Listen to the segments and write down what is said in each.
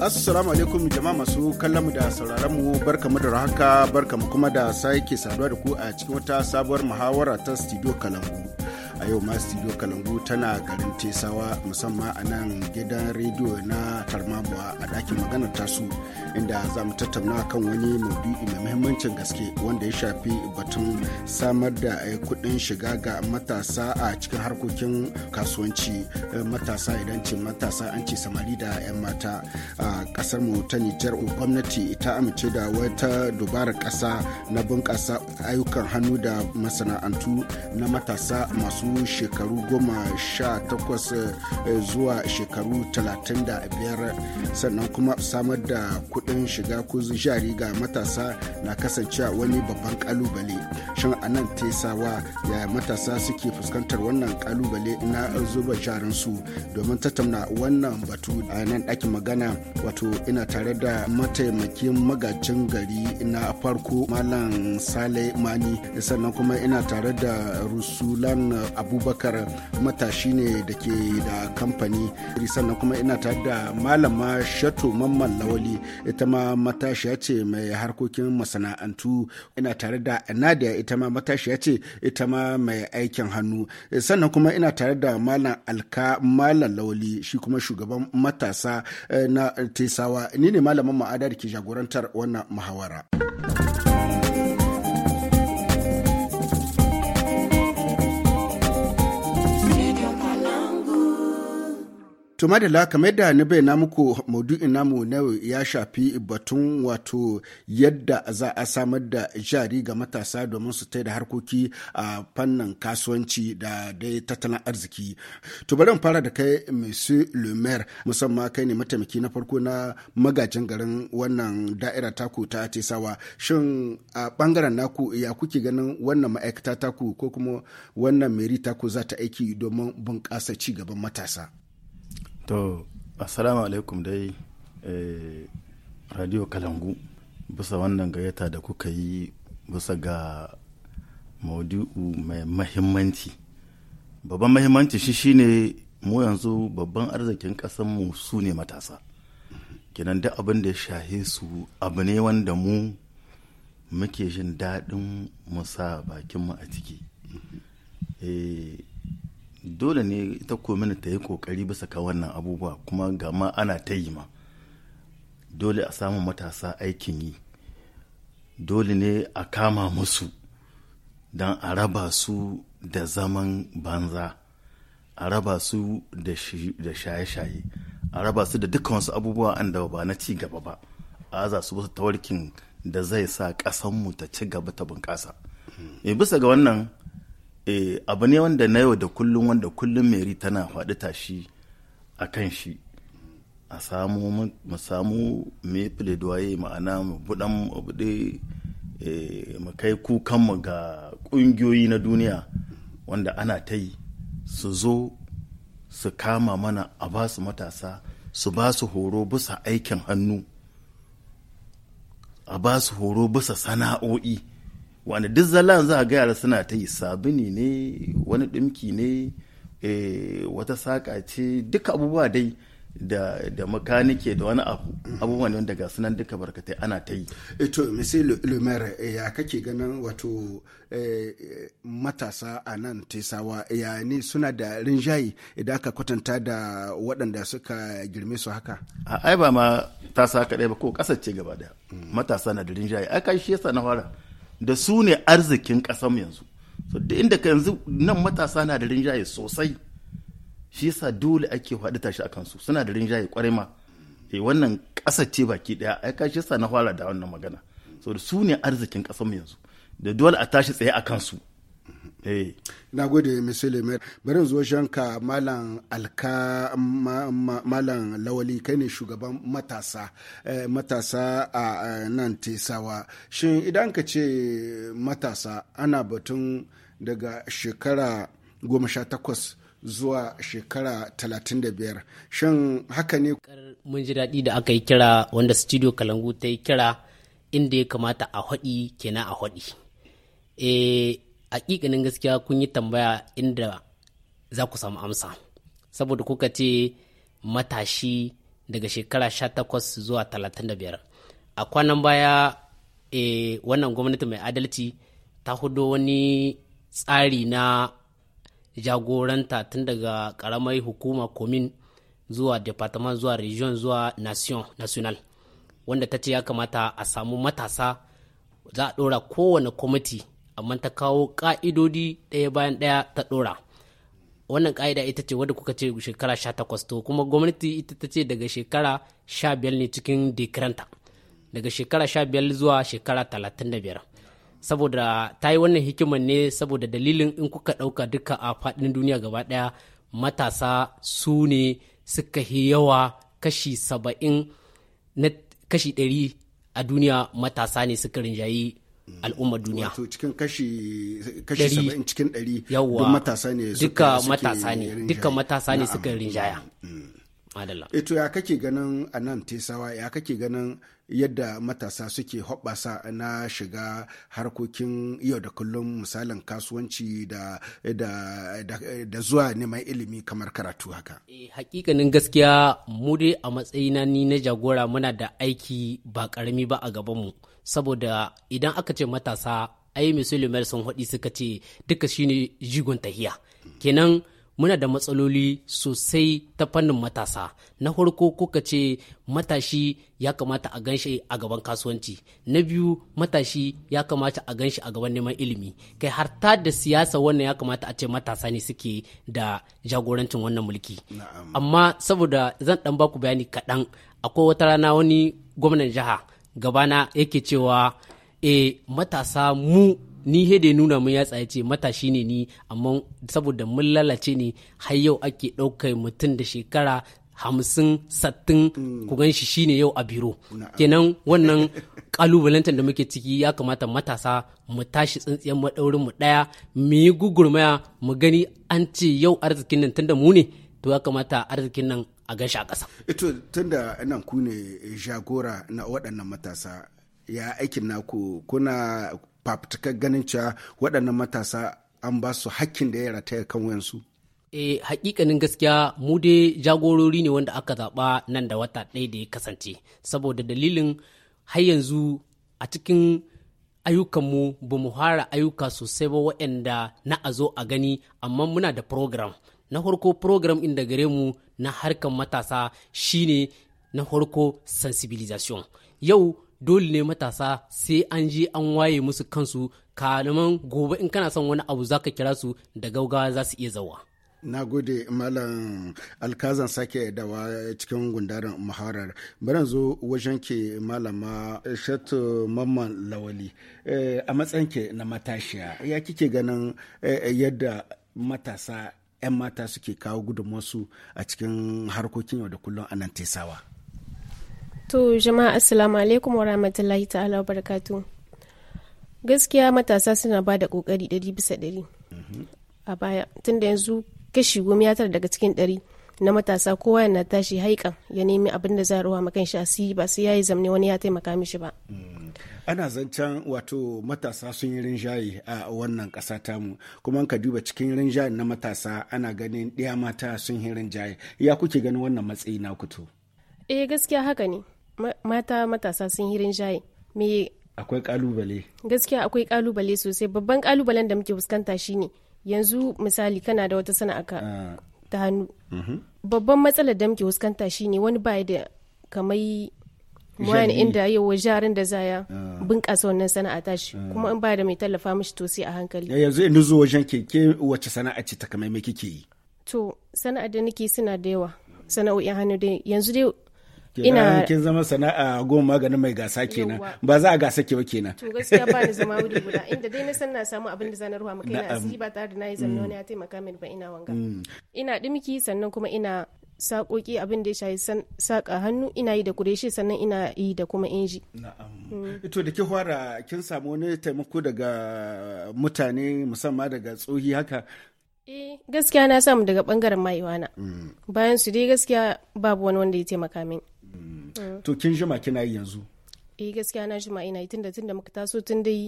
Assalamu alaikum jama'a masu kallon mu da sauraron mu barkamu da rahaka barkamu kuma da sake saduwa da ku a cikin wata sabuwar muhawara ta studio Kalangu. a yau ma studio kalangu tana garin tesawa musamman a nan gidan rediyo na tarmabuwa a ɗakin maganar tasu inda za mu tattauna kan wani maudu'i mai muhimmancin gaske wanda ya shafi batun samar da eh, kuɗin shiga ga matasa a cikin harkokin kasuwanci eh, matasa idan ce matasa an ce samari da 'yan mata a kasar mu ta nijar gwamnati ta amince da wata dubarar kasa na bunƙasa ayyukan hannu da masana'antu na matasa masu masu shekaru goma sha takwas eh, zuwa shekaru talatin da biyar sannan kuma samar da kuɗin shiga ko jari ga matasa na kasancewa wani babban kalubale shin anan tesawa ya matasa suke fuskantar wannan kalubale na zuba jarinsu domin tattauna wannan batu a nan ɗakin magana wato ina tare da mataimakin magajin gari na farko malam sale mani sannan kuma ina tare da rusulan abubakar matashi ne da ke da kamfani sannan kuma ina tare da malama shato mamman lawali ita ma matashiya ce mai harkokin masana'antu ina tare da nadia ita ma matashiya ce ita ma mai aikin hannu sannan kuma ina tare da malam alka malam lawali shi kuma shugaban matasa eh, na tesawa ni ne malamin ma'ada da ke jagorantar wannan muhawara. Tuma da la kamar da ni bayyana muku maudu'in namu na ya shafi batun wato yadda za a samar da jari ga matasa domin su tai da harkoki a fannin kasuwanci da dai tattalin arziki. To bari fara da kai Monsieur Le musamman kai ne mataimaki na farko na magajin garin wannan da'ira taku ta Tesawa. Shin a bangaren naku ya kuke ganin wannan ma'aikata taku ko kuma wannan meri taku za ta aiki domin bunƙasa ci gaban matasa? to assalamu alaikum dai eh, radio kalangu bisa wannan gayyata da kuka yi bisa ga maudu'u mai mahimmanci babban mahimmanci shi shine mu yanzu babban arzikin mu su ne matasa kinan duk abin da ya shahe su abu ne wanda mu muke jin daɗin mu sa bakinmu a ciki eh, dole ne ita komini ta yi kokari bisa ka wannan abubuwa kuma ga ma ana ta yi ma dole a samu matasa aikin yi dole ne a kama musu don a raba su da zaman banza a raba su da shaye-shaye a raba su da dukkan wasu abubuwa an da ba na ci gaba ba a za su wasu tawarkin da zai sa ƙasanmu ta ci gaba ta bunƙasa e bisa ga wannan e, abu ne wanda na yau da kullum wanda kullum meri tana faɗi tashi a kan shi a samu mu samu me pledoyer ma'ana mu budan mu eh, mu kai kukanmu ga ƙungiyoyi na duniya wanda ana ta yi su zo su kama mana a ba su matasa su ba su horo bisa aikin hannu a ba su horo bisa sana'o'i wani duk zallan za a ga yara suna ta yi sabini ne wani ɗumki ne eh, wata saƙa ce duka abubuwa dai da, da makanike da wani abu ne wanda ga sunan duka barkatai ana ta yi. ito misali le, ya kake ganin wato eh, matasa a nan tesawa ya ne suna da rinjaye idan aka kwatanta da waɗanda suka girme su haka? ai ba ma tasa kaɗai ba ko ƙasar ce gaba da matasa na da rinjaye aka shi yasa na fara. da su ne arzikin ƙasar yanzu so da inda ka yanzu nan matasa na da rinjaye sosai shi yasa dole ake faɗi tashi akan su suna da rinjaye ƙwarai ma e wannan ƙasa ce baki ɗaya ai ka shi yasa na fara da wannan magana so da su ne arzikin ƙasar yanzu da dole a tashi tsaye akan su Eh. na gode misali mai barin zuwa shanka malam alka malam lawali kai ne shugaban matasa eh, matasa a eh, nan tesawa shin idan ka ce matasa ana batun daga shekara goma sha takwas zuwa shekara talatin da biyar shin haka ne mun ji daɗi da aka yi kira wanda studio kalangu ta yi kira inda ya kamata a haɗi kenan a haɗi hakikanin gaskiya kun yi tambaya inda za ku samu amsa saboda kuka ce matashi daga shekara 18 zuwa biyar a kwanan baya e, wannan gwamnati mai adalci ta hudo wani tsari na jagoranta tun daga karamar hukuma komin zuwa departement zuwa region zuwa nation national wanda ta ce ya kamata a samu matasa za a ɗora kowane kwamiti amma ta kawo ƙa'idodi ɗaya bayan ɗaya ta ɗora wannan ka'ida ita ce wadda kuka ce shekara sha takwas to kuma gwamnati ita ta ce daga shekara sha biyar ne cikin dekiranta daga shekara sha biyar zuwa shekara talatin da biyar saboda ta yi wannan hikimar ne saboda dalilin in kuka ɗauka duka a faɗin duniya gaba ɗaya matasa su ne suka yi yawa kashi saba'in na kashi ɗari a duniya matasa ne suka rinjayi Mm. al'ummar duniya wato cikin kashi kashi 70 cikin 100 yawa matasa ne duka matasa ne duka matasa ne suka rinjaya mm. adala eto eh, ya kake ganin a nan tesawa ya kake ganin yadda matasa suke hoɓasa na shiga harkokin yau da kullum misalin kasuwanci da, da, da, da zuwa neman ilimi kamar karatu haka eh, hakikanin gaskiya mu dai a matsayina ni na jagora muna da aiki ba karami ba a gabanmu saboda idan aka ce matasa ai musulmai sun haɗi suka ce duka shine jigon tahiya kenan muna da matsaloli sosai ta fannin matasa na farko kuka ce matashi ya kamata a ganshi a gaban kasuwanci na biyu matashi ya kamata a ganshi a gaban neman ilimi kai har ta da siyasa wannan ya kamata a ce matasa ne suke da jagorancin wannan mulki amma saboda zan dan baku bayani kaɗan akwai wata rana wani gwamnan jiha gabana yake cewa e matasa mu ni hede nuna mun ya tsaye ce matashi ne ni amma saboda mun lalace ne har yau ake ɗaukar mutum da shekara hamsin sattin mm. ku gan shi shine yau a biro kenan wannan kalubalantar da muke ciki ya kamata matasa mu tashi tsintsiyan maɗaurin mu ɗaya mu yi gugurmaya mu gani an ce yau arzikin nan tunda mu ne to ya kamata arzikin nan a gashi a ƙasa. Ito eh, tunda nan ku ne jagora na waɗannan matasa ya aikin naku kuna fafutukar ganin cewa waɗannan matasa an ba su hakkin da ya rataya kan wayansu. E, hakikanin gaskiya mu dai jagorori ne wanda aka zaɓa nan da wata ɗaya da ya kasance saboda dalilin har yanzu a cikin ayyukanmu ba mu fara ayyuka sosai ba waɗanda na a zo a gani amma muna da program na farko program inda gare mu na harkar matasa shine na farko sensibilisation yau dole ne matasa sai an je an waye musu kansu kalaman gobe in kana son wani abu zaka kira su da gaugawa za su iya zawa na gode malam alkazan sake dawa cikin gundarin maharar bari zo wajen ke malama shatu mamman lawali eh, a matsayin ke na matashiya ya kike ganin eh, yadda matasa 'yan mata suke kawo gudunmuwarsu a cikin harkokin yau da kullum a nan tesawa. To jama'a assalamu alaikum wa rahmatullahi ta'ala wa barakatu. Gaskiya matasa suna ba da kokari ɗari bisa ɗari. Mhm. A baya tunda yanzu kashi goma ya tara daga cikin ɗari. na matasa kowa yana tashi haikan ya nemi abin da za a ruwa makan shi asi ba sai yayi zamne wani ya taimaka mishi ba ana zancen wato matasa sun yi rinjaye a wannan ƙasa tamu kuma ka duba cikin rinjaye na matasa ana ganin ɗaya mata sun yi rinjaye ya kuke ganin wannan matsayi na kuto eh gaskiya haka ne mata matasa sun yi rinjaye me akwai kalubale gaskiya akwai kalubale sosai babban kalubalen da muke fuskanta shine yanzu misali kana da wata sana'a ah. ta hannu mm-hmm. babban matsalar da muke fuskanta ne wani baya da kamai wani inda wa jarin da zaya ah. bunƙasa wannan sana'a ta shi ah. kuma in bai da mai tallafa mishi to sai a hankali yanzu in zuwa wajen keke wacce sana'a ce ta kamai mai kike yi to sana'a da nake suna da yawa sana'o'in hannu dai yanzu dai ina kin zama sana'a goma maganin mai gasa kenan ba za a gasa ke ba kenan to gaskiya ba ni zama wuri guda inda dai na san na samu abin da zan ruwa maka ina asiri ba tare da nayi zanno mm. ne ya taimaka min ba ina wanga mm. ina dimki sannan kuma ina sakoki abin da ya shafi saka hannu ina yi da kureshi sannan ina yi da kuma inji na'am ito mm. da ki fara kin samu wani taimako daga mutane musamman daga tsohi haka eh, gaskiya na samu daga bangaren mayuwana bayan su dai gaskiya babu wani wanda ya taimaka min to kin jima kina yi yanzu eh gaskiya na jima ina tun da tun da muka taso tun dai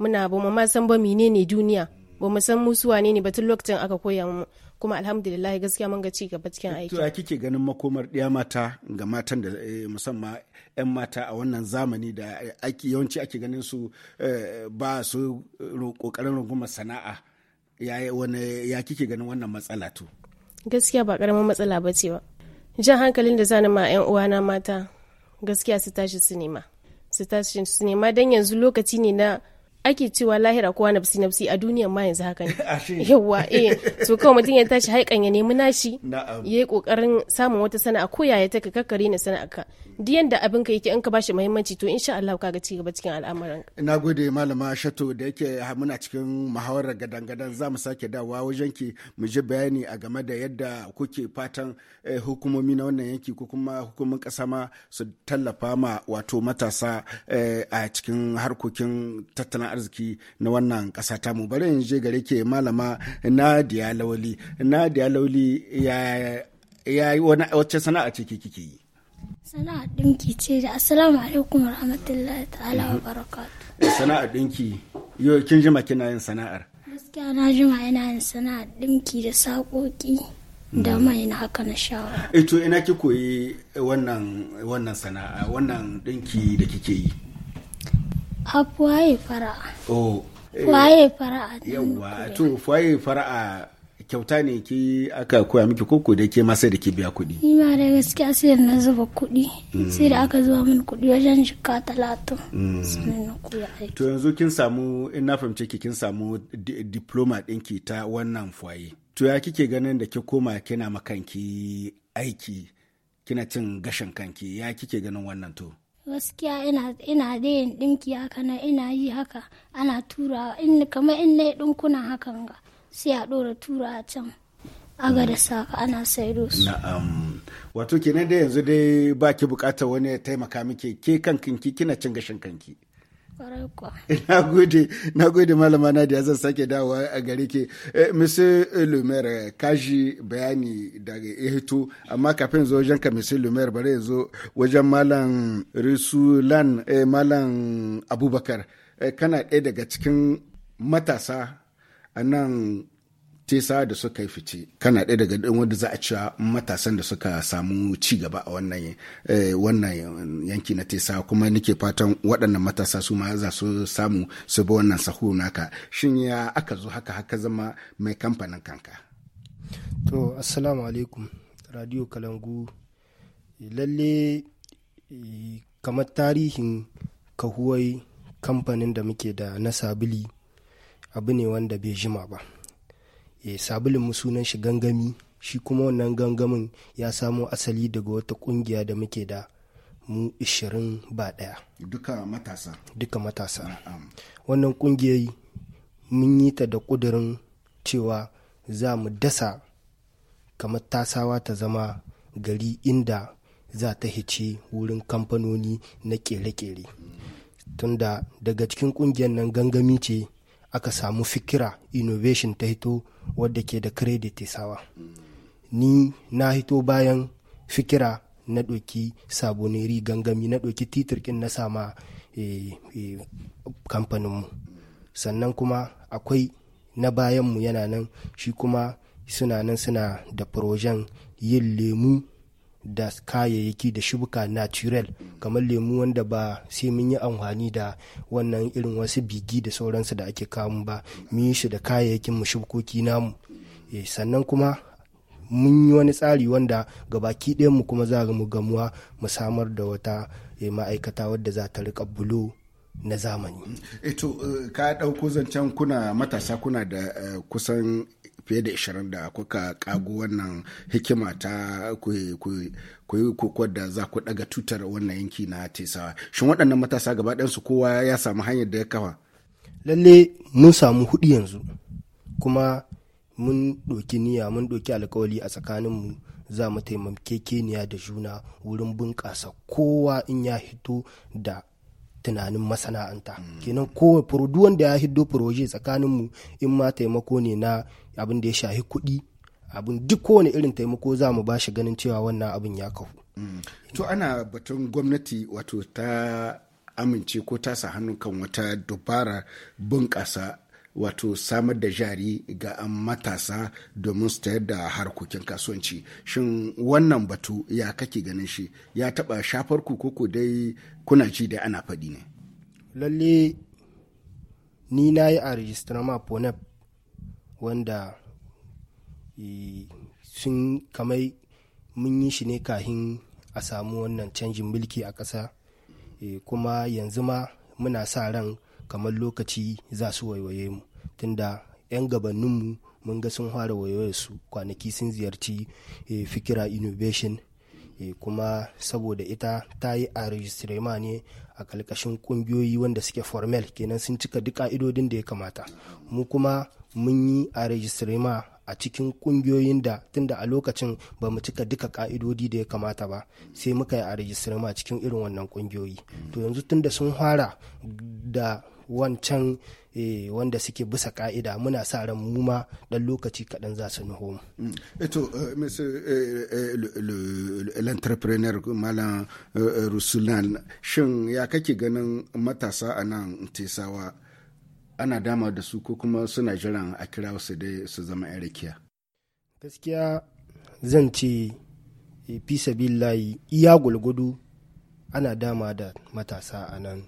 muna ba mu ma san ba menene duniya ba mu san musu wane ne batun lokacin aka koya mu kuma alhamdulillah gaskiya mun ga ci gaba cikin aiki to kike ganin makomar ɗaya mata ga matan da eh, musamman yan mata a wannan zamani da aiki yawanci ake ganin su eh, ba su kokarin runguma sana'a ya wani ya kike ganin wannan matsala to gaskiya ba karamin matsala ba ce ba jan hankalin da zanen ma yan na mata gaskiya su tashi sinima su tashi sinima don yanzu lokaci ne na ake cewa lahira kowa nafsi nafsi a duniyan ma yanzu haka ne yawa eh to kawai mutum ya tashi haikan ya nemi nashi ya yi kokarin samun wata sana'a ko yaya ta ka kakkare na sana'a ka duk yanda abin ka yake in ka bashi muhimmanci to insha Allah ka ga cigaba cikin al'amuran na gode malama shato da yake muna cikin muhawarar gadan-gadan za mu sake dawowa wajen ki mu ji bayani a game da yadda kuke fatan eh, hukumomi na wannan yanki ko kuma hukumin kasa ma su tallafa ma wato matasa eh, a cikin harkokin tattalin arziki na wannan ƙasa ta mu bari in je gare ke malama Nadia Lawli Nadia Lawli ya ya yi wani wacce sana'a ce ke kike yi sana'a dinki ce da assalamu alaikum warahmatullahi ta'ala mhm. wa barakatuh sana'a dinki yo kin jima kina yin sana'ar gaskiya na jima yana yin sana'ar dinki da sakoki da mhm. mai na haka na shawara. Ito eh ina ki koyi wannan wannan sana'a wannan dinki da kike yi. Afuwaye fara'a. Oh. Eh, fuwaye fara'a. Yawwa to fuwaye fara'a kyauta ne ki aka koya miki koko da ke sai da ke biya kuɗi. Ni ma da gaskiya sai da na zuba kuɗi. Sai da aka zuba min kuɗi wajen shika talatin. Mm. To yanzu kin samu in na fahimce ki kin samu diploma ɗinki ta wannan fuwaye. To ya kike ganin da ki koma kina makanki aiki kina cin gashin kanki ya kike ganin wannan to? gaskiya ina ina da yin dinki haka na ina yi haka ana turawa in kamar in na dinkuna hakan ga sai a dora tura a can ga da saka ana saido su na'am wato kenan da yanzu dai baki bukatar wani ya taimaka miki ke kankin kina cin gashin kanki Na gode, na gode malama Nadia zan sake dawowa a gare ke. Eh, Monsieur Lumer kaji bayani daga Ehito amma kafin zo wajen ka Monsieur Lumer bare zo wajen malam Risulan eh, malam Abubakar. Eh, kana ɗaya daga cikin matasa a nan tesa da suka yi fice kana ɗaya daga ɗin wanda za a cewa matasan da suka samu ci gaba a wannan eh, wannan yanki na tesa kuma nake fatan waɗannan matasa su ma za su samu su bi wannan sahu naka shin ya aka zo haka haka zama mai kamfanin kanka to assalamu alaikum radio kalangu lalle kamar tarihin kahuwai kamfanin da muke da na sabili abu ne wanda bai jima ba Eh, sabulin mu sunan shi gangami shi kuma wannan gangamin ya samo asali daga wata kungiya da muke da mu 20 ba daya duka matasa duka matasa wannan kungiyar mun yi ta da kudurin cewa za mu dasa kamar tasawa ta zama gari inda za ta hice wurin kamfanoni na kere-kere tunda daga cikin kungiyar nan gangami ce aka samu fikira innovation ta hito wadda ke da credit sawa ni na hito bayan fikira na ɗauki saboneri gangami na ɗauki titirkin na sama eh, eh, kamfaninmu sannan kuma akwai na bayanmu yana nan shi kuma suna nan suna da projen yin lemu da kayayyaki da shubuka natural kamar lemu wanda ba sai mun yi amfani da wannan irin wasu bigi da sauransu da ake kamu ba mun yi shi da kayayyakin mu shubukoki namu eh, sannan kuma mun yi wani tsari wanda gabaki ɗayan mu kuma za mu gamuwa mu samar da wata eh, ma'aikata wadda za ta riƙa bulo na zamani. Eto eh, ka ɗauko zancen kuna matasa kuna da kusan fiye da ishirin da kuka kago wannan hikima ta ku yi koko da za ku daga tutar wannan yanki na tesawa shin waɗannan matasa gaba ɗansu kowa ya samu hanyar da ya kafa lalle mun samu hudu yanzu kuma mun ɗoki niyya mun ɗoki alkawali a tsakaninmu za mu taimakekeniya da juna wurin bunƙasa kowa in ya hito da tunanin masana'anta kenan kowa furudu wanda ya hiddo furoje tsakanin mu in ma taimako ne na abin da ya shahi kuɗi abin duk kowane irin taimako za mu ba ganin cewa wannan abin ya kahu mm. to ana batun gwamnati wato ta amince ko ta sa hannu kan wata dubara bunƙasa wato samar da jari ga matasa domin su tayar da harkokin kasuwanci shin wannan batu ya kake ganin shi ya taba shafar ku koko dai kuna ji dai ana faɗi ne lalle ni na yi a rijistar ponep wanda e, sun kamai mun yi shi ne kahin a samu wannan canjin mulki a ƙasa e, kuma yanzu ma muna sa ran kamar lokaci za su waiwaye mu tunda 'yan gabaninmu mun ga sun fara waiwaye su kwanaki sun ziyarci eh, fikira innovation eh, kuma saboda ita ta yi a registrema ne a kalkashin kungiyoyi wanda suke formal kenan sun cika duk ka'idodin da ya kamata mu kuma mun yi a registrema a cikin kungiyoyin da tunda a lokacin ba mu cika duka ka'idodi da ya kamata ba sai muka yi a ma cikin irin wannan kungiyoyi to yanzu tunda sun fara da wancan e, wanda suke bisa ka'ida muna sa ran mu ma dan lokaci kaɗan za su nuhu mu. Mm. Eto, eh, eh, l'entrepreneur Malam Rusulan, shin ya kake ganin matasa a nan tesawa ana dama da su ko kuma suna jiran a kira su dai su zama 'yan Gaskiya zan ce fi sabillahi iya gulgudu ana dama da matasa a nan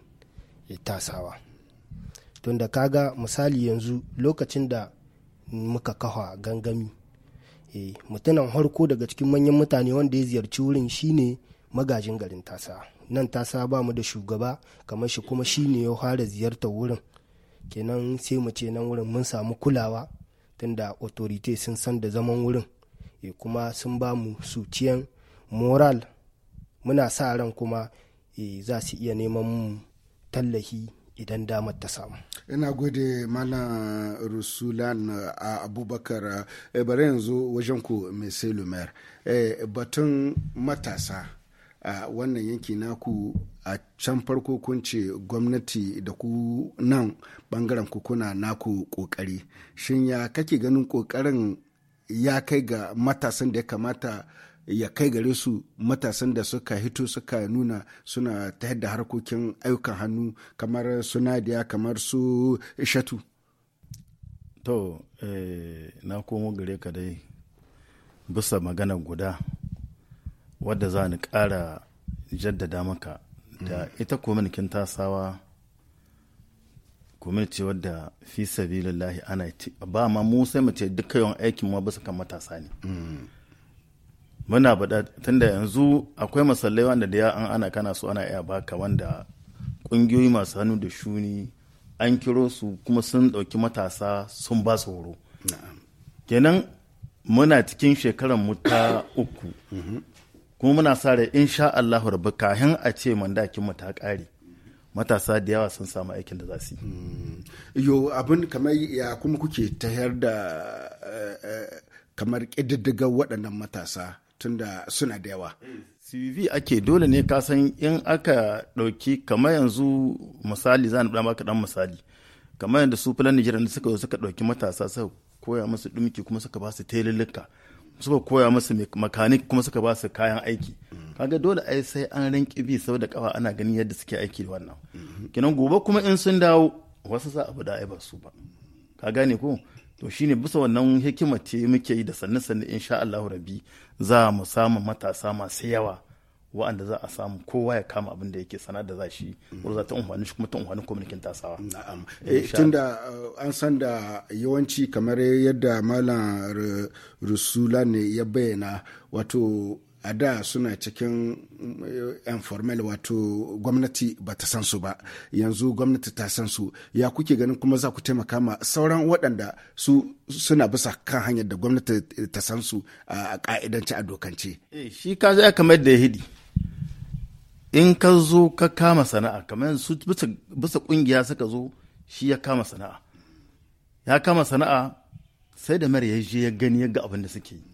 tasawa. tunda kaga misali yanzu lokacin da muka kafa gangami e, eh, mutunan harko daga cikin manyan mutane wanda ya ziyarci wurin shine magajin garin tasa nan tasa ba mu da shugaba kamar shi kuma shine ya fara ziyartar wurin kenan sai mu ce nan wurin mun samu kulawa tunda authority sun san da zaman wurin e, kuma sun ba mu suciyan moral muna sa ran kuma e, za su iya neman mu tallahi idan damar ta samu ina gode malam rusulan a abubakar eh, bari yanzu wajen ku mai lumer eh, batun matasa a wannan yanki naku a can farko kun ce gwamnati da ku nan bangaren ku kuna naku kokari shin ya kake ganin kokarin ya kai ga matasan da ya kamata ya kai gare su matasan da suka hito suka nuna suna ta da harkokin ayyukan hannu kamar sunadiya kamar su shatu to eh, na komo gare ka dai bisa magana guda wadda za ni ƙara jaddada maka da mm. ita kominikin tasawa komini ce wadda fi lallahi ana ba ma musa sai duka ce yawan aikin ma bisa kan matasa ne mm. muna bada tunda yanzu akwai masallai wanda da an ana kana so ana iya baka wanda kungiyoyi masu hannu da shuni an kiro su kuma sun ɗauki matasa sun ba su horo kenan muna cikin shekarar muta uku mm-hmm. kuma muna sa rai insha Allahu rabbi kahin a ce mandakin mu ta ƙare matasa da yawa sun samu aikin da za su yi. Mm. abin kamar ya kuma kuke tayar da eh, eh, kamar ƙididdigar waɗannan matasa tunda suna da yawa. CVV ake dole ne ka san in aka ɗauki kamar yanzu misali za ni maka ɗan misali kamar yadda su filan Nijeriya suka suka ɗauki matasa suka koya musu ɗumki kuma suka ba su telelika suka koya musu makanik kuma suka ba su kayan aiki kaga dole ai sai an rinki bi sau da kawa ana ganin yadda suke aiki da wannan kinan gobe kuma in sun dawo wasu za a da ba su ba ka gane ko to shine bisa wannan hikima ce muke yi da sanne sanne insha Allahu rabbi za mu samu matasa masu yawa wa'anda za a samu kowa ya kama abinda da yake sana da za shi wurin za ta umfani shi kuma ta umfani kwamitin tasawa. Eh, Tun da eh, an san da yawanci kamar yadda Malam Rusula ne ya bayyana wato a da suna cikin eh, informal wato gwamnati ba ta san su ba yanzu gwamnati ta san su ya kuke ganin kuma za ku taimaka ma sauran waɗanda su suna bisa kan hanyar da gwamnati ta san su a ƙa'idance a dokance eh, shi ka zai kamar da hidi in ka zo ka kama sana'a kamar su bisa kungiya suka zo shi ya kama sana'a ya kama sana'a sai da mara ya ya gani ya ga abin da suke yi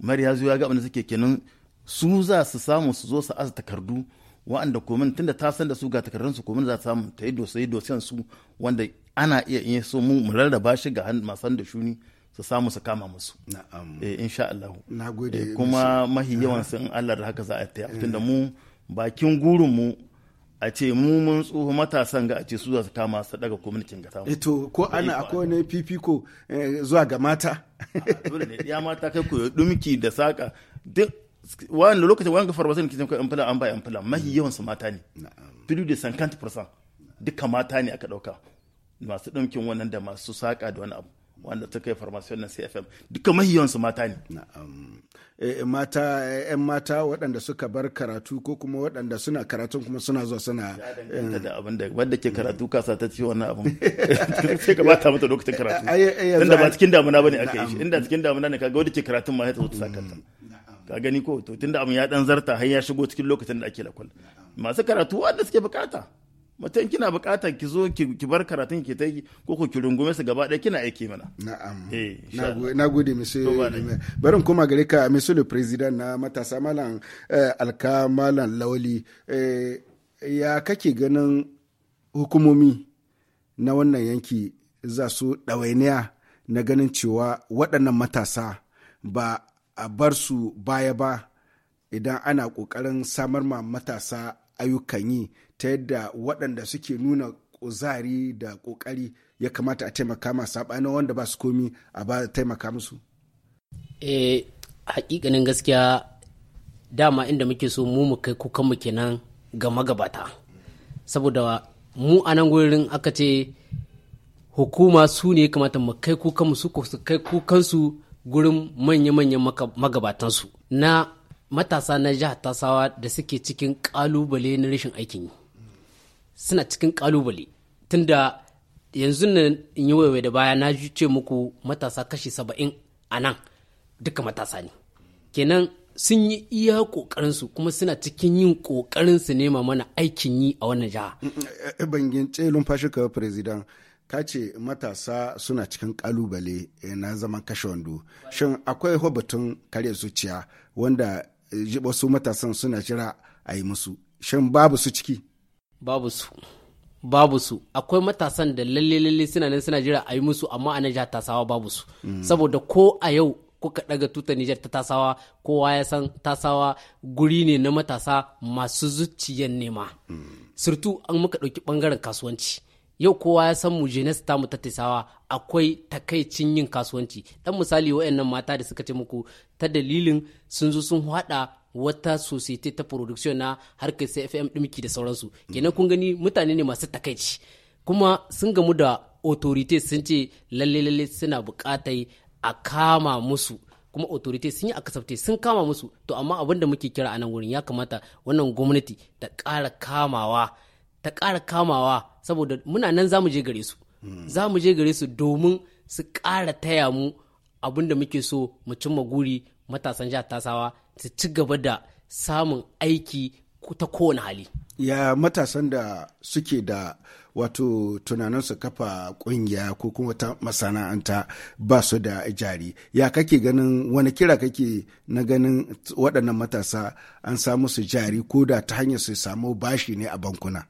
mari ya zo ya ga abin da suke kenan su za su samu su zo su aza takardu wa'anda komin tunda ta san da su ga takardun su komin za ta samu ta yi dosai dosiyan su wanda ana iya in so mu mu rarraba shi ga masu da shuni su samu su kama musu na'am eh insha Allah na gode eh, kuma mahi yawan sun Allah da haka za a taya eh. tunda mu bakin gurin mu a ce mu mun tsoho matasan ga a ce su za su kama su daga kwamitin ga tamu. Eto eh ko ana akwai wani fifiko eh, zuwa ga mata. Dole ne ya mata kai koyo dumki da saka duk wani lokacin wani gafar wasu ne kisan kai amfula an ba amfula mahi yawan su mata ne. Tudu da sankanti fursan duka mata ne aka dauka masu dumkin wannan da masu saka da wani abu. wanda ta kai farmasiyon na cfm duka mahiyansu mata ne eh, eh, mata yan eh, mata waɗanda suka bar karatu ko kuma waɗanda suna karatun kuma suna zuwa suna da abin da wanda ke karatu kasa ta ci wani abu sai ka bata mata lokacin karatu inda ba cikin damuna bane aka yi shi inda cikin damuna ne ga wanda ke karatun ma ya ta sakanta mm, mm, ka gani ko to tunda abin ya dan zarta har ya shigo cikin lokacin da ake lakwal masu karatu wanda suke bukata mutum kina bukatar ki zo ki bar karatun ki ta yi ko ku ki rungume su gaba ɗaya kina aiki mana na'am eh, na gode monsieur barin kuma gare ka monsieur le president na matasa malam eh, alka malam lawali eh, ya kake ganin hukumomi na wannan yanki za su ɗawainiya na ganin cewa waɗannan matasa ba a bar su baya ba idan ana ƙoƙarin samar ma matasa ayyukan yi ta yadda waɗanda suke nuna kuzari da ƙoƙari ya kamata a taimaka ma saɓanin wanda ba su komi a ba taimaka musu? E, eh, hakikanin gaskiya dama inda muke so mu mu kai kukanmu kenan ga magabata. Saboda mu a nan gurin aka ce hukuma su ne ya kamata mu kai mu su kai su gurin manya-manyan magabatansu na matasa na jihar tasawa da suke cikin kalubale na rashin aikin yi suna cikin kalubale tunda yanzu na yi waiwai da baya na ce muku matasa kashi saba'in a nan duka matasa ne kenan sun yi iya kokarinsu kuma suna cikin yin kokarin su nema mana aikin yi a wannan jiha mm, mm, eh, eh, bangin tselun fashika president ka ce matasa suna cikin kalubale eh, na zaman kashe wando shin akwai hobatun karya zuciya wanda wasu matasan suna jira a yi musu shan babu su ciki babu su babu su akwai matasan da lalle lalle suna nan suna jira a yi musu amma a Nijar tasawa babu su mm. saboda ko a yau kuka daga tuta Nijar ta tasawa kowa ya san tasawa guri ne na matasa masu zuciyar nema mm. surtu an muka ɗauki ɓangaren kasuwanci yau kowa ya san mu jenes mu ta akwai takaicin yin kasuwanci dan misali wayannan mata da suka ce muku ta dalilin sun zo sun haɗa wata societe ta production na harkar cfm ɗumki da sauransu kenan kun gani mutane ne masu takaici kuma sun gamu da authority sun ce lalle lalle suna buƙatai a kama musu kuma authority sun yi akasafte sun kama musu to amma abin da muke kira a nan wurin ya kamata wannan gwamnati ta ƙara kamawa ta ƙara kamawa saboda muna nan za mu je gare su za mu je gare su domin su ƙara taya mu abin da muke so mu cimma guri matasan jihar tasawa su ci gaba da samun aiki ta kowane hali ya matasan da suke da wato tunanin su kafa kungiya ko kuma ta masana'anta ba su da jari ya kake ganin wani kira kake na ganin waɗannan matasa an samu su jari ko da ta hanyar su samu bashi ne a bankuna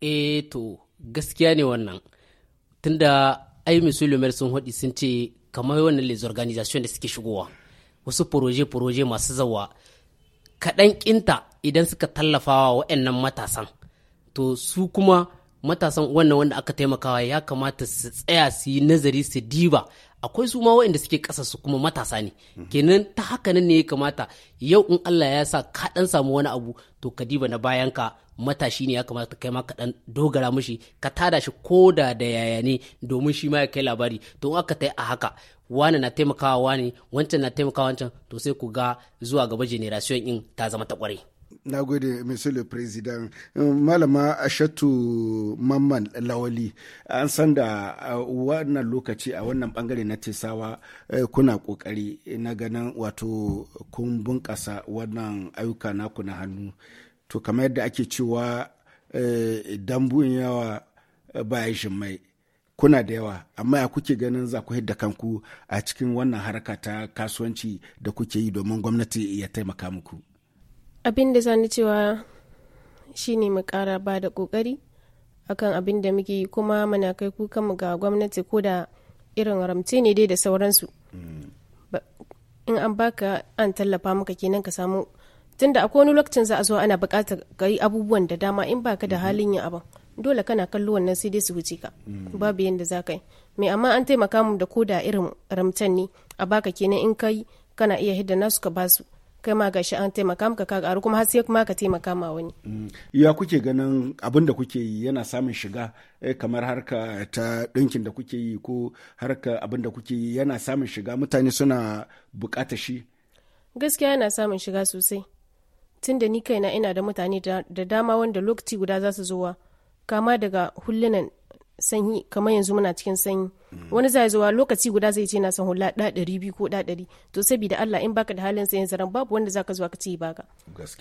e to gaskiya ne wannan tunda ai misulumar sun haɗi sun ce kamar wannan les organisation da suke shigowa wasu proje proje masu zawa kaɗan kinta idan suka tallafawa waɗannan matasan to su kuma matasan wannan wanda aka taimakawa ya kamata su tsaya su yi nazari su diba akwai su ma waɗanda suke ƙasa su kuma matasa ne mhm. kenan ta haka nan ne ya kamata yau in Allah ya sa ka ɗan samu wani abu to ka diba na bayan ka. matashi ne ya kamata kai ma ka dan dogara mishi ka tada shi ko da da yaya ne domin shi ma ya kai labari to in aka tai a haka wani na taimakawa wani wancan na taimakawa wancan to sai ku ga zuwa gaba generation in ta zama ta kwarai na gode monsieur le président mm, malama ashatu mamman lawali an san da uh, wannan lokaci a wannan bangare na tesawa eh, kuna kokari na ganin wato kun bunkasa wannan ayyuka naku na hannu to kamar yadda ake cewa idan eh, buyin yawa eh, ba ya mai kuna da yawa amma ya kuke ganin za ku da kanku a cikin wannan harka ta kasuwanci da kuke yi domin gwamnati ya taimaka muku abin da zani cewa shine mu kara ba da kokari akan abin da muke yi kuma muna kai kuka ga gwamnati ko da irin ramce ne dai da sauransu mm. in an baka an tallafa maka kenan ka samu tunda a wani lokacin za a zo ana bukatar ka abubuwan da dama in baka da mhm. halin yin abin dole kana kallo wannan sai dai su wuce ka mhm. babu yadda za ka yi mai amma an taimaka mu da koda irin ramtan ne a baka kenan in kai kana iya hidda nasu ka basu kai ma gashi an taimaka mu ka karu kuma har sai kuma ka taimaka ma wani. Mm. Ya kuke ganin abin da kuke yi yana samun shiga eh, kamar harka ta dinkin da kuke yi ko harka abin da kuke yi yana samun shiga mutane suna bukata shi. Gaskiya yana samun shiga sosai tun da ni kaina ina da mutane da dama wanda lokaci guda za su zuwa kama daga hulunan sanyi kamar yanzu muna cikin sanyi mm. wani zai zuwa lokaci guda zai ce na san hula da ɗari biyu ko ɗari to saboda Allah in baka da halin sayan zaren babu wanda zaka zuwa ka ce baka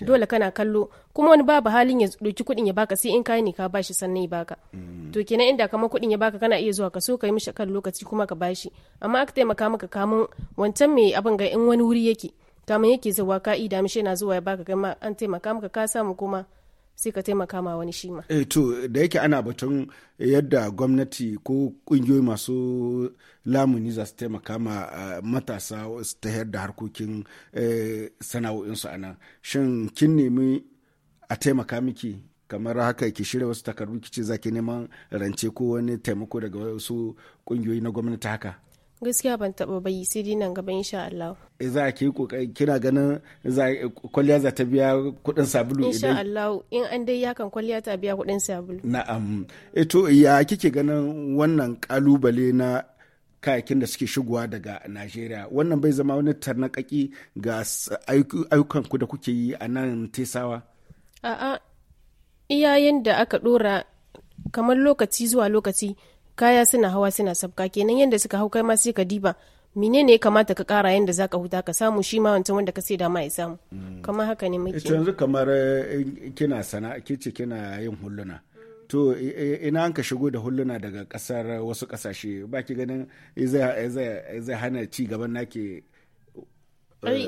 dole kana kallo kuma wani babu halin ya ɗauki kuɗin ya baka sai in kai ne ka bashi sannan ya baka mm. to kenan inda kamar kuɗin ya baka kana iya zuwa ka so ka yi mishi kan lokaci kuma ka bashi amma aka taimaka maka kamun wancan mai abin ga in wani wuri yake kamin yake zuwa ka ida mishi yana zuwa ya baka gama an taimaka maka ka samu kuma sai ka taimaka ma wani shi ma. Eh to da yake ana batun yadda gwamnati ko kungiyoyi masu lamuni za su taimaka ma eh, matasa su ta yadda harkokin eh, sana'o'insu a nan. Shin kin nemi a taimaka miki kamar haka ki shirya wasu takardu ki ce za ki neman rance ko wani taimako daga wasu kungiyoyi na gwamnati haka? gaskiya ban taba bai sai dai nan gaba insha Allah eh, za ki kina ganin za kwalliya za ta biya kudin sabulu insha Allah in an dai yakan kwalliya ta biya kudin sabulu na'am eto eh, ya kike ganin wannan kalubale na kayakin da suke shigowa daga Najeriya wannan bai zama wani tarnakaki ga ayyukan ku da kuke yi a nan tesawa a'a iyayen da aka dora kamar lokaci zuwa lokaci kaya suna hawa suna sabka kenan yadda suka hau kai ma sai ka diba menene ya kamata ka kara yadda za ka huta ka samu shi ma wancan wanda ka sai dama ya samu mm. kamar haka ne muke yanzu kamar eh, kina sana'a kici kina yin hulluna to eh, ina an ka shigo da hulluna daga kasar wasu kasashe ba ki ganin eh, zai hana ci gaban nake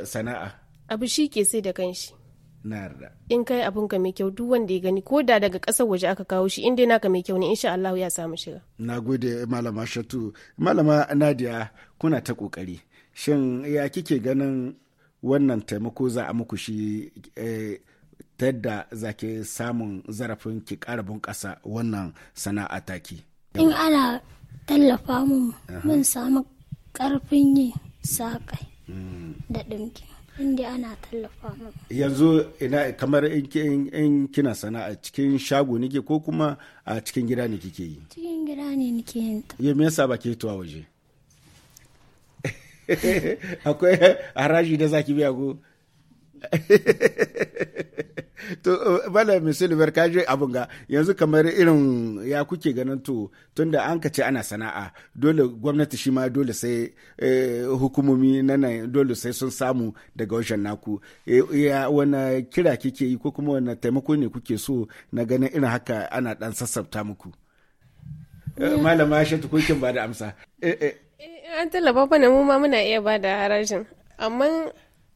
sana'a abu shi ke sai da kanshi na yarda in kai abun ka mai kyau duk wanda ya gani ko da daga kasar waje aka kawo shi inda dai naka mai kyau ne insha Allah ya samu shiga na gode malama shatu malama nadia kuna ta kokari shin ya kike ganin wannan taimako za a muku shi eh, ta yadda za ki samun zarafin ki ƙara bunƙasa wannan sana'a taki. In ana tallafa mu mun samu ƙarfin yin saƙai mm. da ɗinki. inda ana tallafa mu yanzu ina kamar in kina a cikin shago nike ko kuma a cikin gida ne kike yi cikin gida ne nike yin ta me yasa ba ke tuwa waje akwai haraji da zaki biya ko to bala misali bar kaje abun ga yanzu kamar irin ya kuke ganin to tunda an ka ce ana sana'a dole gwamnati shi ma dole sai eh, hukumomi na nan dole sai sun samu daga wajen naku eh, ya wani kira kike yi ko kuma wani taimako ne kuke so na ganin irin haka ana dan sassabta muku eh, malama shatu kukin ba da amsa an talaba ne mu ma muna iya ba da harajin amma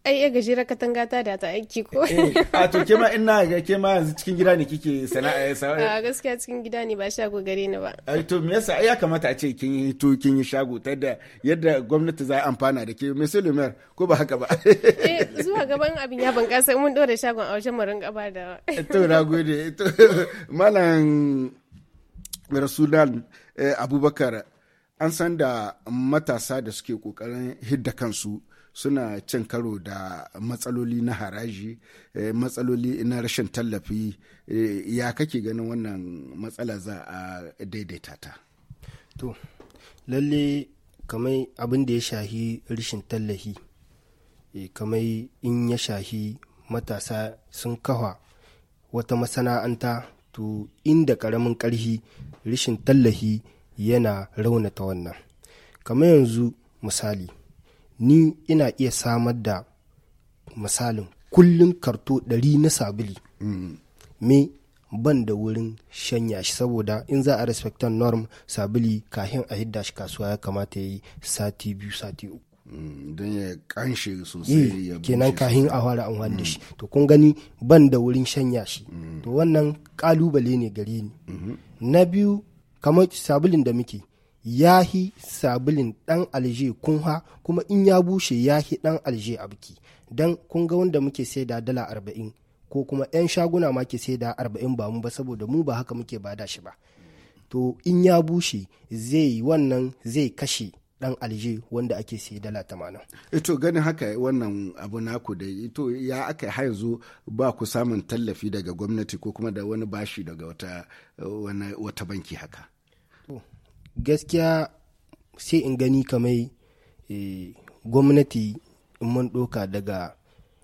ai ya gajera katanga ta da ta aiki ko eh, a to ke ma ina ga ke ma yanzu cikin gida ne kike sana'a eh, sa a gaskiya cikin gida ne ba shago gare ni ba ai to me yasa ya kamata a ce kin yi to kin yi shago ta da yadda gwamnati za a amfana da ke monsieur le maire ko ba haka ba eh zuwa gaban abin ya bunƙasa mun dora shagon a wajen murin gaba da to nagode to malam Rasulan eh, Abubakar an san da matasa da suke kokarin hidda kansu suna cin karo da matsaloli na haraji eh, matsaloli na rashin tallafi eh, ya kake ganin wannan matsala za a daidaita ta to lalle kamai abin da ya shahi rashin tallafi eh, kamai in ya shahi matasa sun kawa wata masana'anta to inda karamin karhi rashin tallafi yana raunata wannan kamar yanzu misali ni ina iya samar da misalin kullum karto ɗari na sabili me ban da wurin shanya shi saboda in za a respectan norm sabili kahin a hidda shi kasuwa ya kamata ya yi sati biyu sati uku mm, don ya kanshe sosai eh, ya kenan kahin a fara an wanda mm. shi to kun gani ban da wurin shanya shi mm. to wannan kalubale ne gare ni mm-hmm. na biyu kamar sabulin da muke yahi sabulin dan alje kunha kuma in ya bushe ya hi dan alje a biki don kun ga wanda muke saida dala arba'in ko kuma 'yan shaguna ma ke saida arba'in ba mu ba saboda mu ba haka muke bada shi ba to in ya bushe zai wannan zai kashe dan alje wanda ake sai dala tamanin. ito eh ganin haka wannan abu naku da ito ya aka har yanzu ba ku samun tallafi daga gwamnati ko kuma da wani bashi daga wata banki haka gaskiya sai in gani kamai eh, gwamnati in man doka daga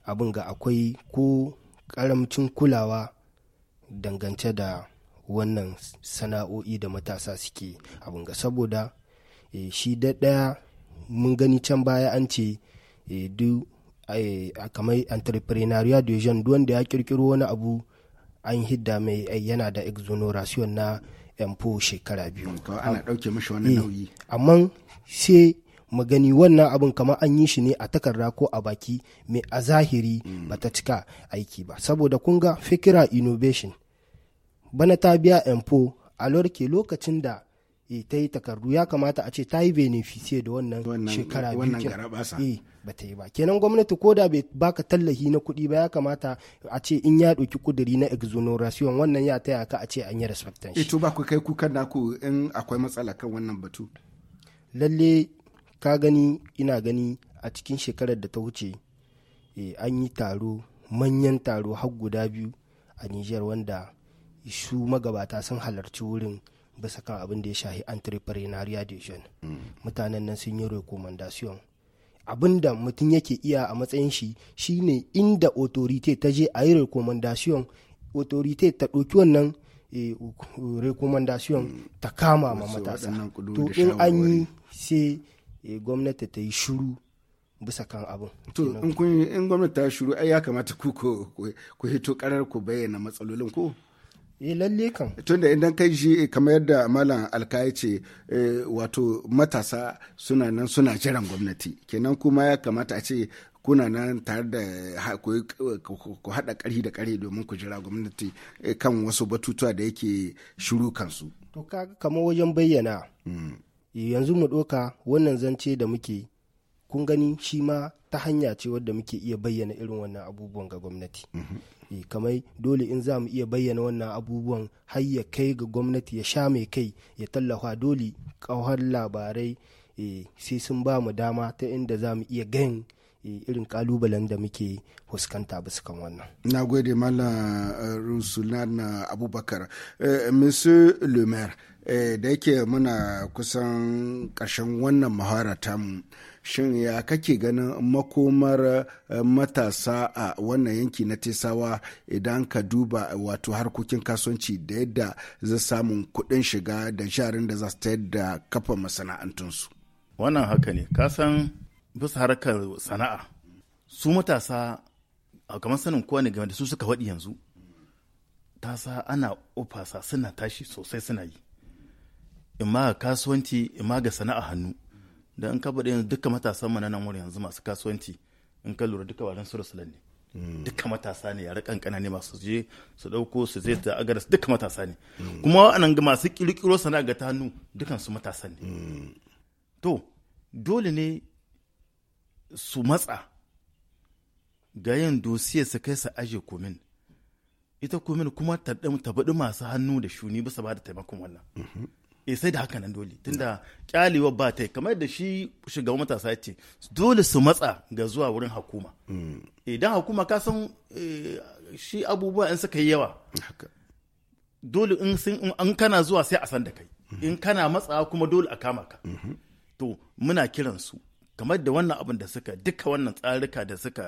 abin ga akwai ko karamcin kulawa dangance da wannan sana'o'i da matasa suke abin ga saboda eh, shi da daya mun gani can baya an ce eh, duk kamar entrepreneurial division duk wanda ya kirkiro wani abu an hidda mai eh, yana da exoneration na empo shekara biyu ana dauke mashi wani eh, nauyi amma sai mu gani wannan abin kamar an yi shi ne a takarda ko a baki mai a zahiri mm. ba ta cika aiki ba saboda kun ga fikira innovation bana ta biya empo a lokacin da Eh, ta yi takardu ya kamata a ce ta yi benefice da wannan shekara biyu eh, ba ta yi ba kenan gwamnati ko da bai baka tallahi na kuɗi ba ya kamata a ce in ya ɗauki kuduri na exoneration wannan ya taya ka a ce an yi respectance eh, ito ba ku kai kukan naku in akwai matsala kan wannan batu. lalle ka gani ina gani a cikin shekarar da ta wuce an yi taro manyan taro har guda biyu a Nijar wanda su magabata sun halarci wurin bisa kan abin da ya shahi entrepreneuria division mutanen nan sun yi recommendation abin da mutum yake iya a matsayin shi shine inda authority ta je a yi recommendation authority ta ɗauki wannan eh, recommendation ta kama ma matasa to in an yi sai eh, gwamnati ta yi shuru bisa kan abin. To in gwamnati ta shuru ai ya kamata ku ku hito karar ku bayyana matsalolin ko? eh lalle kan tunda idan kai shi eh, kamar yadda malam alkai ce eh, wato matasa suna nan suna jiran gwamnati kenan kuma ya kamata a ce kuna nan tare da ku haɗa ƙari da ƙari domin ku jira gwamnati eh, kan wasu batutuwa da yake shiru kansu to kaga kamar wajen bayyana hmm. yanzu mu ɗoka wannan zance da muke kun gani shi ma ta hanya ce wadda muke iya bayyana irin wannan abubuwan ga gwamnati mhm. kamai dole in za mu iya bayyana wannan abubuwan har kai ga gwamnati ya sha mai kai ya tallafa dole kawar labarai eh, sai sun ba mu dama ta inda za mu iya gan eh, irin kalubalen da muke fuskanta su kan wannan. Na gode Mala eh, Rusulana Abubakar. Monsieur Le Maire, da yake muna kusan ƙarshen wannan muhara tamu. shin ya kake ganin makomar eh, matasa a wannan yanki na tesawa idan ka duba wato harkokin kasuwanci da yadda za samun kuɗin shiga da jarin da za su tayar da kafa masana'antunsu wannan haka ne kasan bisa harkar sana'a su matasa a kamar sanin kowa game da su suka waɗi yanzu tasa ana ofasa suna tashi sosai suna yi imma ga kasuwanci imma ga sana'a hannu da in ka bada yanzu duka matasan mu na nan wurin yanzu masu kasuwanci in ka lura duka waɗansu surusulan ne mm. duka matasa ne yare kankana ne masu je su ɗauko su zai mm. ta agaras duka matasa ne mm. kuma ga masu kirkiro sana'a ga ta hannu dukan su matasa ne to dole ne su matsa ga yin dosiyar su kai su aje komin ita komin kuma ta baɗi masu hannu da shuni bisa ba da taimakon wannan mm-hmm. e sai da haka nan dole tunda kyalewa ba ta kamar da shi shugaban matasa ya ce dole su matsa ga zuwa wurin hukuma idan mm. eh, hukuma ka san eh, shi abubuwa in suka yi yawa dole in sun an kana zuwa sai a san da kai mm-hmm. in kana matsa kuma dole a kama ka mm-hmm. to muna kiran su kamar da wannan abin da suka duka wannan tsarika da suka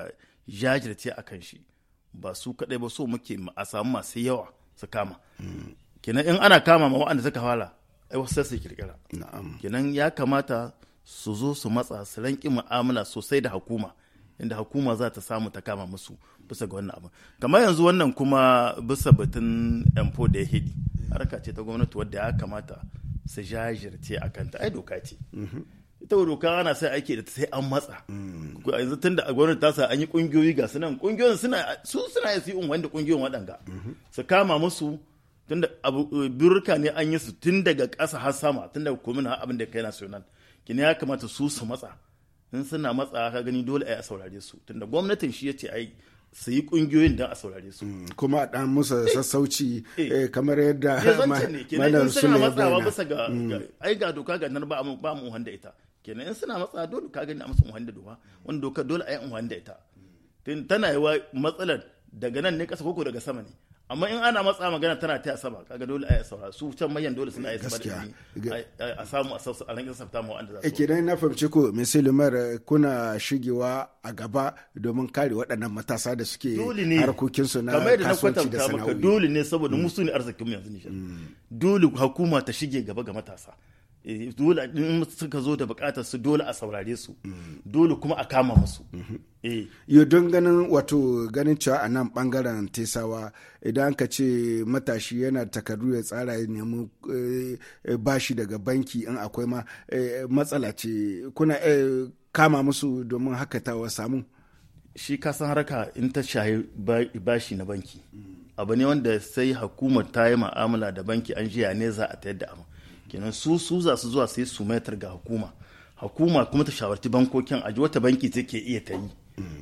jajirce a kan shi ba su kadai ba so muke a samu masu yawa su kama mm. kenan in ana kama ma waɗanda suka fara wasu su kirkira kenan ya kamata su zo su matsa su ranki mu'amala sosai da hukuma inda hukuma za ta samu ta kama musu bisa ga wannan abu kamar yanzu wannan kuma bisa batun empo da ya hidi harka ce ta gwamnati wadda ya kamata su jajirce a kanta ai doka ce mhm. ita doka ana sai aiki da ta sai an matsa mm. yanzu tun da gwamnati ta sa an yi kungiyoyi ga sunan kungiyoyin suna su suna yi wanda kungiyoyin waɗanga mhm. su kama musu tunda eh, birka ne an yi su tun daga ƙasa har sama tun daga komin har abin da kai national kini ya kamata su su matsa in suna matsa ka gani dole a saurare su tunda gwamnatin shi ya ce ai su yi kungiyoyin don a saurare su. Mm, kuma a ɗan musa eh. sassauci eh. kamar yadda malar su ne matsawa bisa mm. ga ai ga doka ga nan ba mu wanda ita kenan in suna matsa dole ka gani a musu wanda doka wani doka dole a yi wanda ita tana yi wa matsalar daga nan ne kasa koko daga sama ne amma in ana matsa magana tana ta sama kaga dole ai saura su can mayan dole suna ai gaskiya a samu a sassu a rankin sabta mu wanda za su kenan na fahimci ko misali mar kuna shigewa a gaba domin kare waɗannan matasa da suke harkokin su na kasuwanci da sana'o'i dole ne saboda mu mm. su ne arzikin mu yanzu ne mm. dole hukuma ta shige gaba ga matasa Eh, dole in suka zo da bukatar su dole a saurare su dole kuma a kama musu eh. yo don ganin wato ganin cewa a nan bangaren tesawa idan ka ce matashi yana takardu ya tsara ya nemi eh, bashi daga banki in akwai ma matsala ce kuna kama musu domin haka hakatawa samu shi kasan haraka in ta shahi bashi na banki abu ne wanda sai hukumar ta yi ma'amala da banki an jiya ne za a ta yadda amma kenan su su za su zuwa sai su maitar ga hukuma hukuma kuma ta shawarci bankokin a wata banki take iya ta yi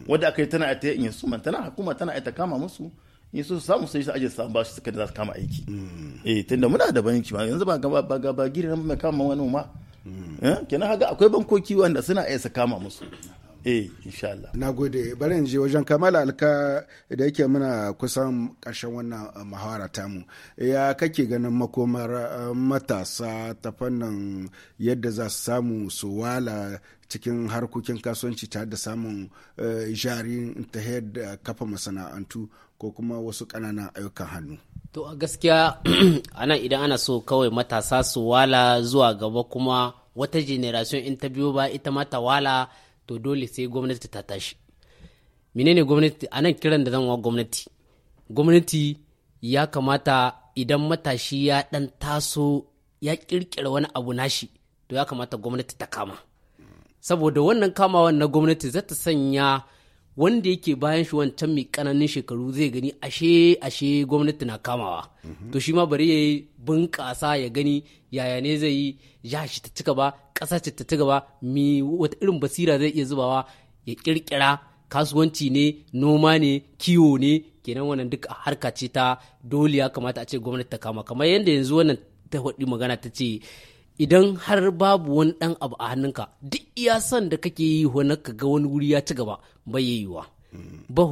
wadda aka yi tana ta yi su tana hukuma tana ta kama musu in su samu sai su aje su ba su suka da za su kama aiki mm. eh tunda muna da banki ma yanzu ba ba ga ba girin mai kama wani ma eh, kenan haka akwai bankoki wanda suna iya su kama musu eh insha na gode bari in je wajen kamala alka da yake muna kusan ƙarshen wannan eh, muhawara tamu ya kake ganin makomar eh, matasa ta fannin yadda za su samu su wala cikin harkokin kasuwanci tare da samun eh, jari ta yadda kafa masana'antu ko kuma wasu ƙananan ayyukan hannu to a gaskiya ana idan ana so kawai matasa su wala zuwa gaba kuma wata generation in ta biyo ba ita mata wala to dole sai gwamnati ta tashi menene gwamnati a nan kiran da zan wa gwamnati gwamnati ya kamata idan matashi ya dan taso ya kirkira wani abu nashi to ya kamata gwamnati ta kama saboda wannan kamawan na gwamnati za ta sanya wanda yake bayan shi wancan mai kananin shekaru zai gani ashe ashe gwamnati na kamawa mhm. to shi ma bari ya yi bunƙasa ya gani yaya ne zai yi ya shi ta cika ba ƙasa ce ta cika ba mi wata irin basira zai iya zubawa ya ƙirƙira kasuwanci ne noma ne kiwo ne kenan wannan duk harka ce ta dole ya kamata a ce gwamnati ta kama kamar yadda yanzu wannan ta magana ta ce idan har babu wani dan abu a hannunka duk iya san da kake yi wani ka ga wani wuri ya ci gaba bai yiwuwa ba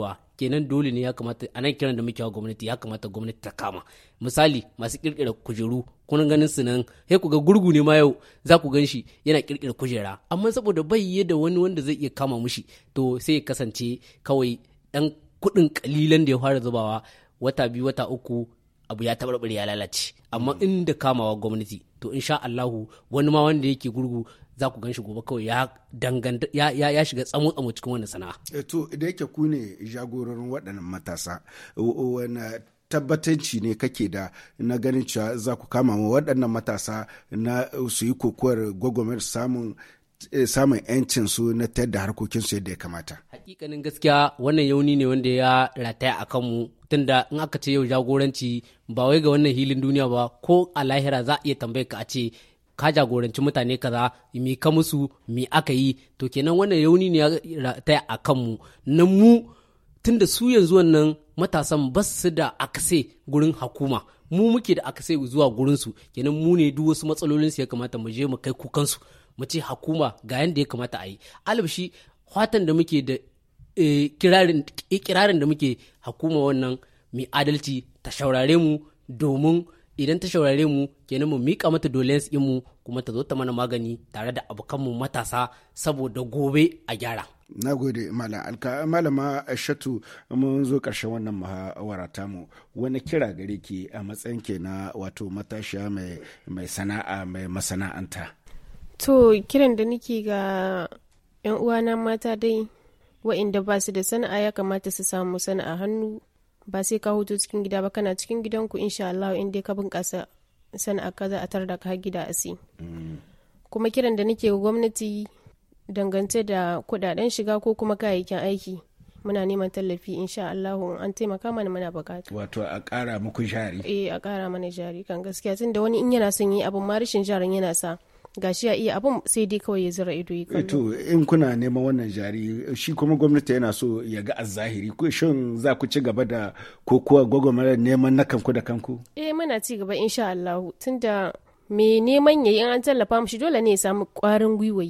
wa kenan dole ne ya kamata a nan kiran da muke wa gwamnati ya kamata gwamnati ta kama misali masu kirkira kujeru kun ganin su nan sai ku ga gurgu ne ma yau za ku gan shi yana kirkira kujera amma saboda bai yi da wani wanda zai iya kama mushi to sai ya kasance kawai dan kuɗin kalilan da ya fara zubawa wata biyu wata uku abu ya tabarbare ya lalace amma inda kamawa gwamnati to insha Allahu wani ma wanda yake gurgu za ku gan shi gobe kawai ya danganta ya, ya, shiga tsamo tsamo cikin wannan sana'a eh, to da yake ku ne jagororin waɗannan matasa wani tabbatanci ne kake da na ganin cewa za ku kama waɗannan matasa na su yi kokowar gwagwamar samun eh, samun yancin su na tayar da harkokin su yadda ya kamata. Hakikanin gaskiya wannan yauni ne wanda ya rataya a kanmu tunda in aka ce yau jagoranci ba wai ga wannan hilin duniya ba ko a lahira za a iya tambaye ka a ce ka jagoranci mutane kaza mi ka musu mi aka yi to kenan wannan yauni ne ta a kanmu na mu tunda su yanzu wannan matasan ba su da akase gurin hakuma mu muke da akase zuwa gurinsu kenan mu ne duk wasu matsalolinsu ya kamata mu je mu kai kukansu mu ce hakuma ga yanda ya kamata a yi albashi fatan da muke da Eh, kirarin da muke hakuma wannan mai adalci ta shaurare mu domin idan ta shaurare mu kenan mu mika mata dolens mu kuma ta zo ta mana magani tare da abokanmu matasa saboda gobe a gyara. na gode malam alka malama shatu mun zo ƙarshen wannan muhawara mu wani kira gare ki a matsayin ke na wato matashiya mai sana'a mai masana'anta to kiran da nake ga yan uwana mata dai wa'inda ba su da sana'a ya kamata su samu sana'a hannu ba sai ka hoto cikin gida ba kana cikin gidanku insha Allah in dai ka bunƙasa sana'a ka za a tar da ka gida asi kuma kiran da nake gwamnati dangance da kudaden shiga ko kuma kayayyakin aiki muna neman tallafi insha Allah an taimaka mana muna bukata wato a ƙara muku jari eh a ƙara mana jari kan gaskiya tun da wani in yana son yi abin ma rashin jarin yana sa gashi ya iya abin sai dai kawai ya zira ido ya to in kuna neman wannan jari shi kuma gwamnati yana so ya ga azahiri ko shin za ku ci gaba da ko kuwa gwagwamar neman na kanku da kanku eh muna ci gaba insha Allah tunda me neman yayi in an tallafa mishi dole ne ya samu kwarin gwiwa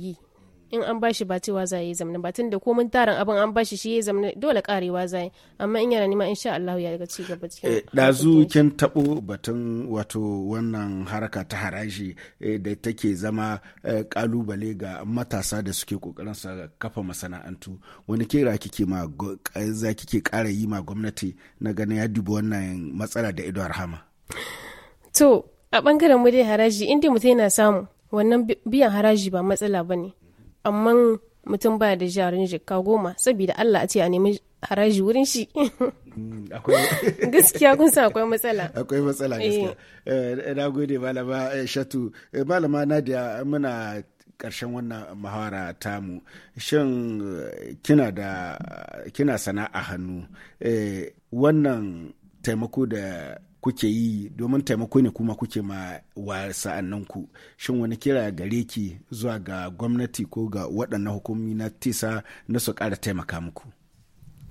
in an bashi ba cewa za yi zamanin ba da komin tarin abin an bashi shi ya zamanin dole karewa za yi amma in yana nima sha Allah ya daga ci gaba cikin dazu eh, kin tabo batun wato wannan haraka ta haraji eh, da take zama kalubale eh, ga matasa da suke kokarin sa kafa masana'antu wani kira kike ma za kike kara yi ma gwamnati na ganin ya dubi wannan matsala da ido rahama to a bangaren mu dai haraji inda mutum yana samu wannan biyan haraji ba matsala bane amma mutum baya da jarin jikka goma saboda Allah a ce a nemi haraji wurin shi mm, gaskiya kun san akwai matsala akwai matsala eh. gaskiya eh, na gode malama eh, shatu malama nadia muna karshen wannan muhawara tamu shin kina da kina sana'a hannu wannan taimako da kuke yi domin taimako ne kuma kuke ma wa sa'annan ku shin wani kira gare ki zuwa ga gwamnati ko ga waɗannan hukumomi na tisa na su ƙara taimaka muku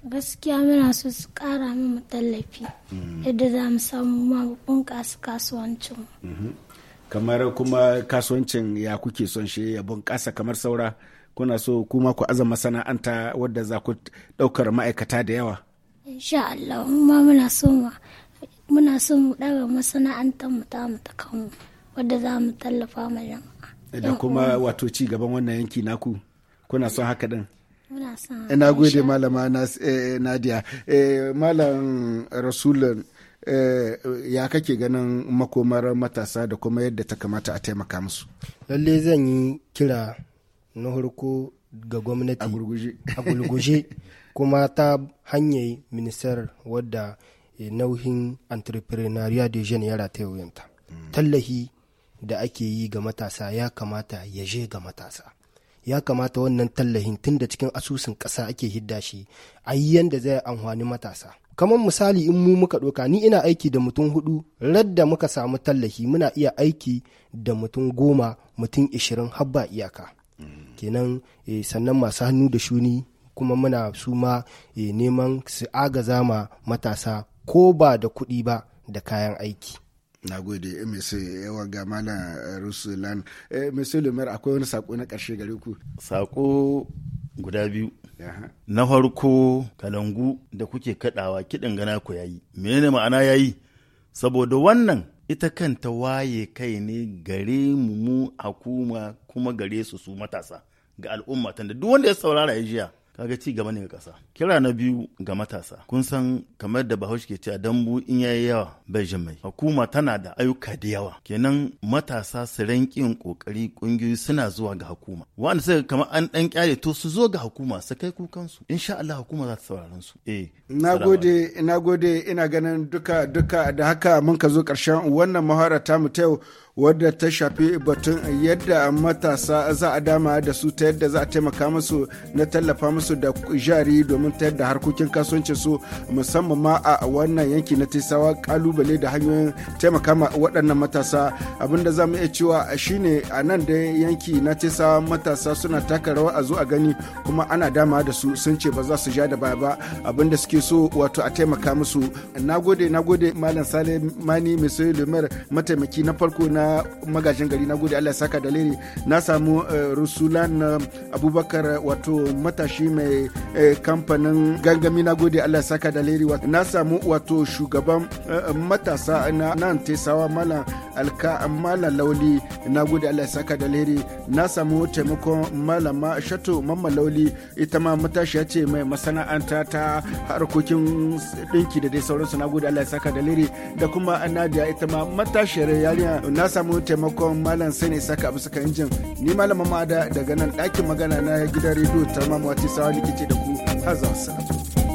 gaskiya muna so su ƙara mu tallafi mm. yadda za mu samu ma bunƙasa kasuwancin mm-hmm. kamar kuma kasuwancin ya kuke son shi ya bunƙasa kamar saura kuna so kuma ku azama sana'anta wadda za ku ɗaukar ma'aikata da yawa insha Allah muna so ma muna so mu ɗaga masana'antar mu ta mu ta kanmu wadda za mu tallafa ma jama'a da kuma wato ci gaban wannan yanki naku kuna son haka din ina eh, gode malama eh, eh, nadia malam rasulun ya kake ganin makomar matasa da kuma yadda ta kamata a taimaka musu lalle zan yi kira na harko ga gwamnati a gulguje kuma ta hanyar ministar wadda E, nauhin entrepreneuria de jeune ya ta wuyanta tallahi da ake yi ga matasa ya kamata ya je ga matasa ya kamata wannan tallahin tun da cikin asusun ƙasa ake hidda shi a yi yadda zai amfani matasa kamar misali in mu muka ɗauka ni ina aiki da mutum hudu radda muka samu tallahi muna iya aiki da mutum goma mutum ishirin habba iyaka kenan e, sannan masu hannu da shuni kuma muna su ma e, neman su agaza ma matasa ko ba da kuɗi ba da kayan aiki. na gode eh, mc yawa eh, gama na eh, rusulan mc lumer akwai wani sako na ƙarshe gare ku sako guda biyu na farko kalangu da kuke kadawa kiɗin gana ku yayi menene ma'ana yayi saboda wannan ita kanta waye kai ne gare mu mu hukuma kuma gare su su matasa ga al'umma tanda duk wanda ya saurara ya jiya kaga ci gaba ne ga ƙasa kira na biyu ga matasa kun san kamar da bahaushe ke cewa dambu in yayi yawa bai mai hukuma tana da ayyuka da yawa kenan matasa su rankin kokari kungiyoyi suna zuwa ga hukuma wanda suka kama an dan kyale to su zo ga hukuma su kai kukan insha Allah hukuma za ta sauraron su eh nagode nagode ina ganin duka duka da haka mun ka zo karshen wannan muhara ta mu ta wadda ta shafi batun yadda matasa za a dama da su ta yadda za a taimaka musu na tallafa musu da jari domin ta yadda harkokin kasuwancin su musamman ma a wannan yanki na tisawa kalu kalubale da hanyoyin taimaka ma waɗannan matasa abinda za mu iya cewa shine a nan da yanki na tesa matasa suna taka rawa a zo a gani kuma ana dama da su sun ce ba za su ja da baya ba abinda suke so wato a taimaka musu na gode na gode malam sale mani misali lumer mataimaki na farko na magajin gari na gode allah saka da na samu eh, rusulan eh, abubakar wato matashi mai eh, kamfanin gangami na gode allah saka da na samu wato shugaban matasa na nan sawa malam alka malam lauli na gode allah saka daliri na samu taimakon malama shato mamma lauli ita ma matashiya ce mai masana'anta ta harkokin ɗinki da dai sauransu na gode allah saka daliri da kuma nadia ita ma matashiyar yariya na samu taimakon malam sai ne saka abu suka injin ni malama da daga nan ɗakin magana na gidan rediyo ta mamawa sawa likita da ku har za